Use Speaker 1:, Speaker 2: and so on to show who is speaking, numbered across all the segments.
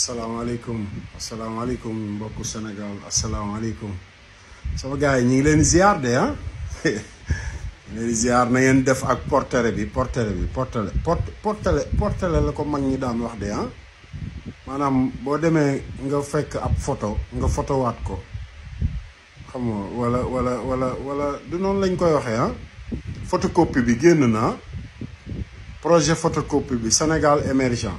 Speaker 1: asalaamaaleykum asalaamaaleykum mbokku Sénégal asalaamaaleykum sama gars yi ñu ngi leen di ziar de ah leen di na ngeen def ak portere bi portere bi portere portere portere la ko mag ñi daan wax de ah maanaam boo demee nga fekk ab photo nga fotowaat ko xam nga wala wala wala wala du noonu lañ koy waxee ah photocopie bi génn na ah. projet photocopie bi Sénégal émergent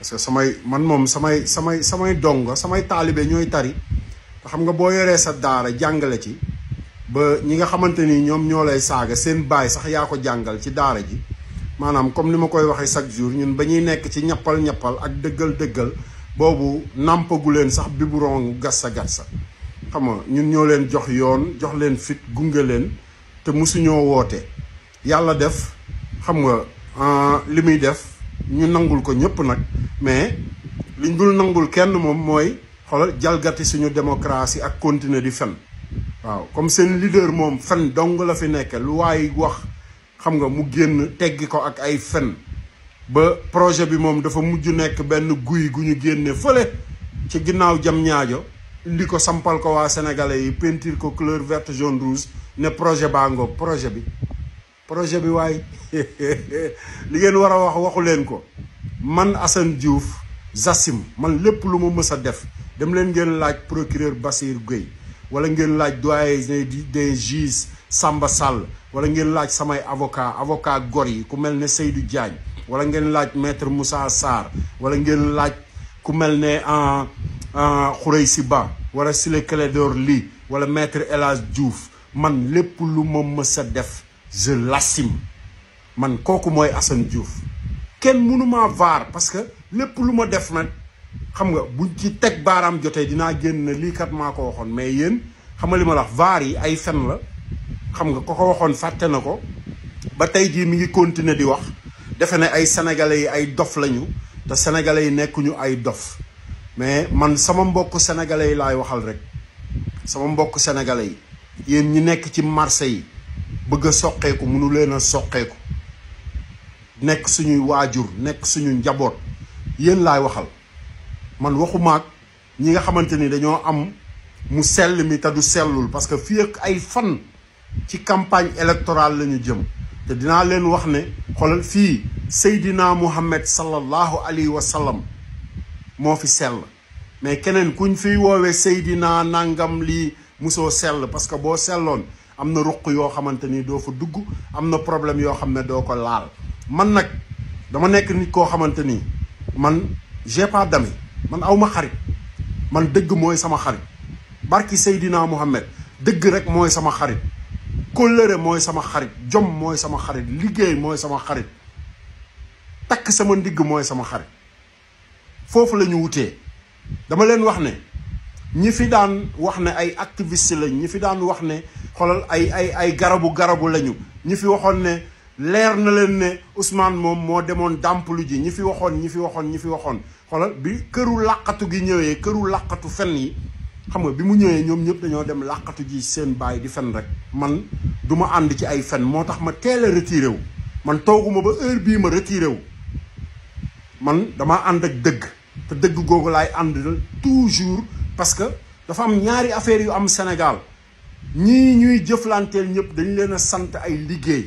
Speaker 1: parce que samay man moom samay samay samay dongo samay taalibe ñooy tari te xam nga boo yoree sa daara jàngale ci ba ñi nga xamante ni ñoom ñoo lay saaga seen baay sax yaa ko jàngal ci daara ji maanaam comme ni ma koy waxee chaque jour ñun ba ñuy nekk ci ñappal ñappal ak dëggal dëggal boobu nàmpagu leen sax bi bu biberon gassa gassa xam nga ñun ñoo leen jox yoon jox leen fit gunge leen te mosuñoo woote yàlla def xam nga ah, li muy def ñu nangul ko ñëpp nag mais liñ dul nangul kenn moom mooy xoolal jalgati suñu démocratie ak continuer di fen waaw comme seen leader moom fen dong la fi nekk lu waaye wax xam nga mu génn teggi ko ak ay fen ba projet bi moom dafa mujj nekk benn guy gu ñu génne fële ci ginnaaw jam ñaajo li ko sampal ko waa sénégalais yi peinture ko couleur verte jaune rouge ne projet baa ngoog projet bi projet bi waaye li ngeen war a wax waxu leen ko man Assane Diouf Zassim man lépp lu ma mës a def dem leen ngeen laaj procureur Bassir Gueye wala ngeen laaj doyen des juges Samba Sall wala ngeen laaj samay avocat avocat gor yi ku mel ne Seydou Diagne wala ngeen laaj metre Moussa Sarr wala ngeen laaj ku mel ne ah, ah, Khoureysi Ba wala Sile Clédor li wala maître El Hadj man lépp lu ma mësa def je l'assume man kooku mooy Assane Diouf kenn mënuma vaar parce que lépp lu ma def nag xam nga buñ ci teg baaraam jotee dinaa génn na lii kat maa ko waxoon mais yéen xam nga li ma la wax vaar yi ay fen la xam nga ko ko waxoon fàtte na ko ba tey jii mi ngi continuer di wax defe ne ay sénégalais yi ay dof lañu te sénégalais yi nekkuñu ay dof mais man sama mbokk sénégalais yi laay waxal rek sama mbokk sénégalais yi yéen ñi nekk ci marché yi. bëgg a soqeeku mënu leen a soqeeku nekk suñuy waajur nekk suñu njaboot yéen laay waxal man waxumaak ñi nga xamante ni dañoo am mu sell mi te du sellul parce que fii ak ay fan ci campagne électorale la ñu jëm te dinaa leen wax ne xoolal fii Seydina Muhammad sallallahu alayhi wa sallam moo fi sell mais keneen kuñ fiy woowee Seydina nangam lii musoo sell parce que boo selloon am na ruq yoo xamante ni doo fa dugg am na problème yoo xam ne doo ko laal man nag dama nekk nit koo xamante ni man j'ai pas d'amis man awma xarit man dëgg mooy sama xarit barki Seydina Mohamed dëgg rek mooy sama xarit kóllëre mooy sama xarit jom mooy sama xarit liggéey mooy sama xarit takk sama ndigg mooy sama xarit foofu la ñu wutee dama leen wax ne ñi fi daan wax ne ay activiste lañ ñi fi daan wax ne xoolal ay ay ay garabu garabu lañu ñi fi waxoon ne leer na leen ne Ousmane moom moo demoon dàmplu ji ñi fi waxoon ñi fi waxoon ñi fi waxoon xoolal bi këru làqatu gi ñëwee këru làqatu fen yi xam nga bi mu ñëwee ñoom ñëpp dañoo dem làqatu ji seen baay di fen rek man duma ànd ci ay fen moo tax ma teel a retiré man tooguma ba heure bii ma retiré wu man dama ànd ak dëgg te dëgg googu laay ànd toujours parce que dafa am ñaari affaire yu am Sénégal ñii ñuy jëflanteel ñëpp dañ leen a sant ay liggéey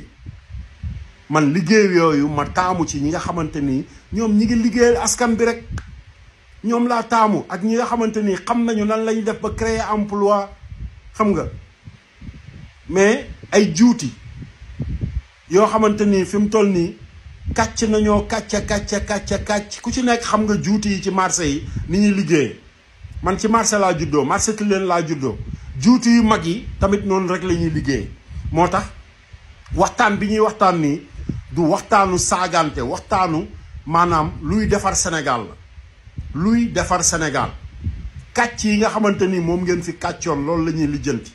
Speaker 1: man liggéey yooyu ma taamu ci ñi nga xamante ni ñoom ñi ngi liggéeyal askan bi rek ñoom laa taamu ak ñi nga xamante ni xam nañu nan lañu def ba créer emploi xam nga mais ay juuti yoo xamante ni fi mu toll nii kàcc nañoo kàcc kàcc kàcc kàcc ku ci nekk xam nga juuti yi ci marché yi ni ñuy liggéey man ci marché laa juddoo marché leen laa juddoo juutu yu mag yi tamit noonu rek la ñuy liggéey moo tax waxtaan bi ñuy waxtaan nii du waxtaanu saagante waxtaanu maanaam luy defar Sénégal la luy defar Sénégal kàcc yi nga xamante ni ngeen fi kàccoon loolu la ñuy lijjanti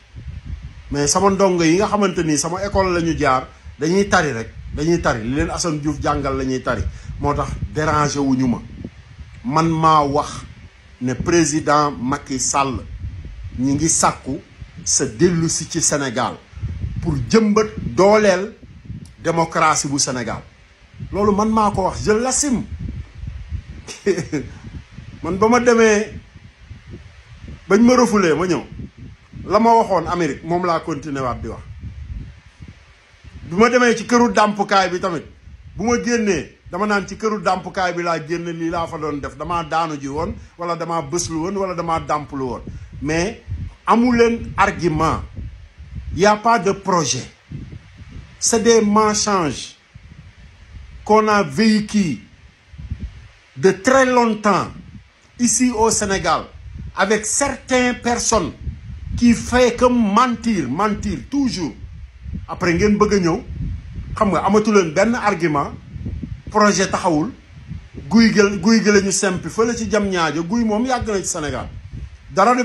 Speaker 1: mais sama ndong yi nga xamante sama école la ñu jaar dañuy tari rek dañuy tari li leen Assane Diouf jàngal la ñuy tari moo tax dérangé wuñu ma man maa wax ne président Macky Sall ñu ngi sàkku sa dellusi ci Sénégal pour jëmbat dooleel démocratie bu Sénégal loolu man maa ko wax je l'assume man ba ma demee bañ ma refulee ma ñëw la ma waxoon Amérique moom laa continuer waat di wax bu ma demee ci këru dàmpukaay bi tamit bu ma génnee dama naan ci këru dàmpukaay bi laa génn lii laa fa doon def damaa daanu ji woon wala damaa bëslu woon wala damaa dàmplu woon mais amoulin argument il y a pas de projet c'est des mensonges qu'on a vécu de très longtemps ici au Sénégal avec certaines personnes qui font que mentir mentir toujours après voulez bëgg a ñëw xam nga argument projet taxawul guy gë simple gi la ñu simpi fële ci jam ñaajo ci Sénégal dara le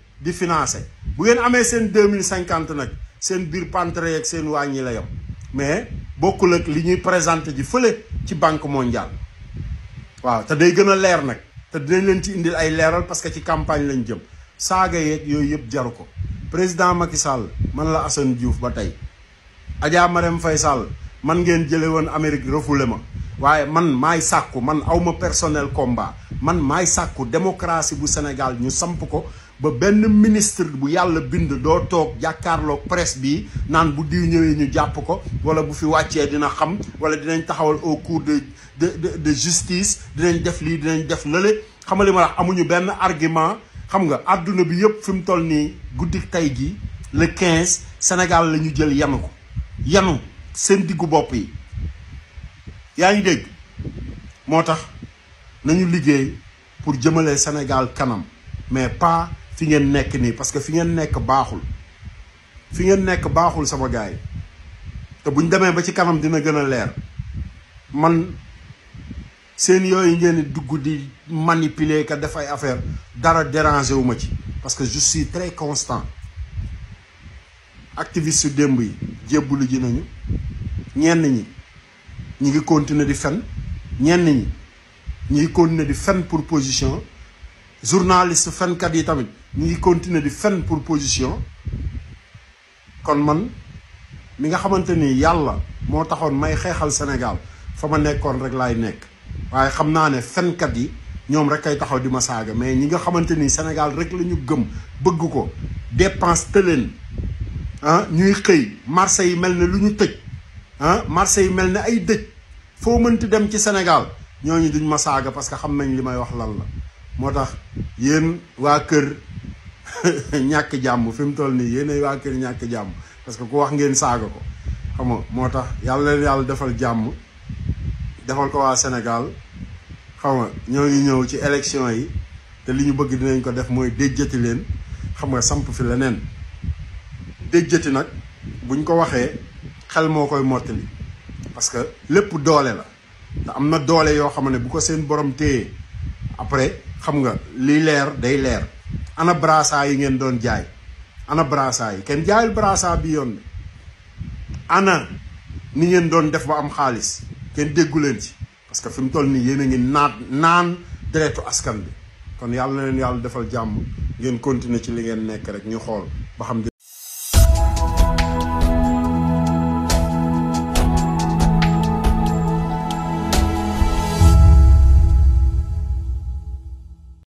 Speaker 1: di financer bu ngeen amee seen deux mille cinquante nag seen biir pantre ak seen wàññi la yam mais bokkul ak li ñuy présenté ji fële ci banque mondiale waaw te day gën a leer nag te dinañ leen ci indil ay leeral parce que ci campagne lañ jëm saaga yeeg yooyu yëpp jaru ko président Macky Sall man la Assane Diouf ba tey Adja Marème Faye Sall man ngeen jële woon Amérique refoulé ma waaye man maay sàkku man awma personnel combat man maay sàkku démocratie bu Sénégal ñu samp ko ba benn ministre bu yàlla bind doo toog jàkkaarlook presse bi naan bu diw ñëwee ñu jàpp ko wala bu fi wàccee dina xam wala dinañ taxawal au cours de de de justice dinañ def lii dinañ def lële xamali ma wax amuñu benn argument xam nga àdduna bi yëpp fi mu toll nii guddi tey gi le quinze Sénégal la jël yanu ko yanu seen diggu bopp yi yaa ngi dégg moo tax nañu liggéey pour jëmale Sénégal kanam mais pas fi ngeen nekk nii parce que fi ngeen nekk baaxul fi ngeen nekk baaxul sama gaay te buñ demee ba ci kanam dina gën a leer man seen yooyu ngeen dugg di manipuler ka def affaire dara déranger wu ma ci parce que je suis très constant activiste su démb yi jébbulu ji nañu ñenn ñi Nous continuons de faire... Nous ñi ñi pour position journaliste de tamit ñi ngi continuer di pour position kon man mi nga ni mo taxone may xéxal Sénégal fama ma rek lay nekk waye yi rek kay taxaw di mais ñi nga Sénégal rek lañu gëm bëgg ko dépense hein ñuy xey marché yi foo mënti dem ci Sénégal ñooñu duñ ma saaga parce que xam nañ li may wax lan la moo tax yéen waa kër ñàkk jàmm fi mu toll nii yéen waa kër ñàkk jàmm parce que ku wax ngeen saaga ko xam moo tax yàlla yàlla defal jàmm defal ko waa Sénégal xam nga ñoo ngi ñëw ci élection yi te li ñu bëgg dinañ ko def mooy déjjati leen xam nga samp fi leneen déjjati nag buñ ko waxee xel moo koy motti li parce que les doole la te am na doole yoo xam ne bu ko seen borom après xam nga li leer day leer ana yi ngeen doon jaay ana yi kenn jaayul bi yoon ana ni ngeen doon def ba am xaalis kenn parce que fi na ngeen continuer ci li ngeen nekk